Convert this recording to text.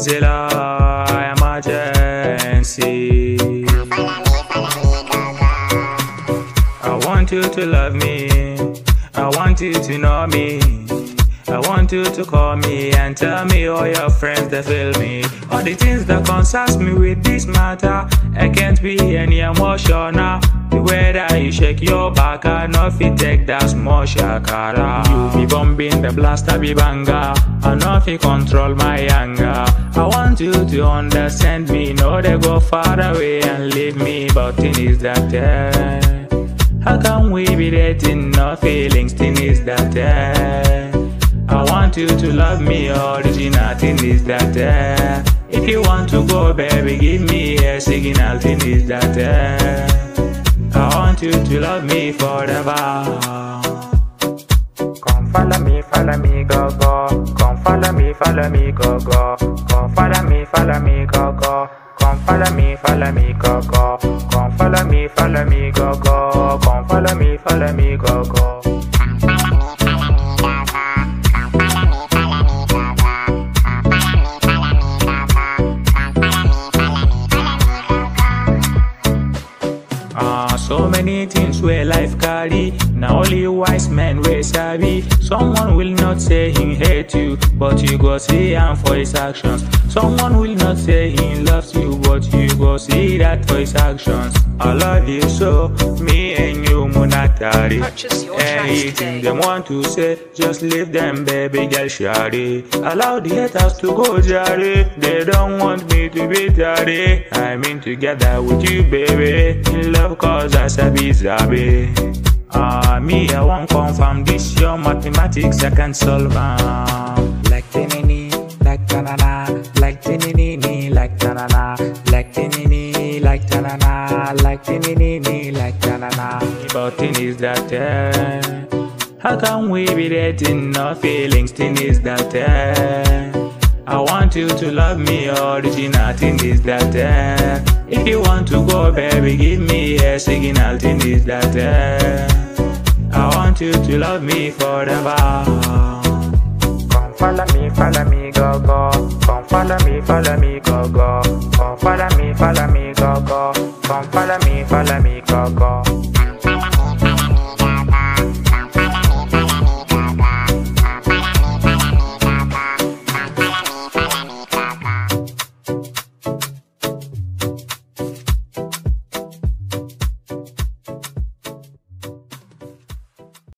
Zilla emergency. I want you to love me. I want you to know me. I want you to call me and tell me all your friends that feel me. All the things that concerns me with this matter, I can't be any emotional. The way that you shake your back, I know you take that small shakara. You be bumping the blaster, be banger. I know you control my anger. I want you to understand me. Know they go far away and leave me, but thing is that. Eh, how can we be dating? No feelings, thing is that. Eh, I want you to love me, original thing is that. Eh, if you want to go, baby, give me a signal, thing is that. Eh, I want you to love me forever. Come follow me, follow me, go go. Come follow me, follow me, go go. Come follow me, follow me, go go. Come follow me, follow me, go go. Come follow me, follow me, go go. Come follow me, follow me. so many things where life carry. Now only wise men where savvy. Someone will not say he hate you, but you go see him for his actions. Someone will not say he loves you, but you go see that for his actions. I love you so, me your atari. Anything them want to say, just leave them, baby girl, shawty. Allow the haters to go jari. They don't want me to be daddy. I'm in together with you, baby. In love, cause I sabi sabi. Ah, me, I won't confirm this. Your mathematics, I can solve. Um. Like tinini, like tanana, like tinini, like tanana, like tinini, like tanana, like tinini, like na na. But thing is that eh, how can we be dating no feelings? Thing is that eh, I want you to love me original. Thing is that eh, if you want to go, baby, give me a signal. Thing is that eh, I want you to love me forever. Come follow me, follow me, go go. Come follow me, follow me, go go. Come follow me, follow me, go go. Come follow me, follow me.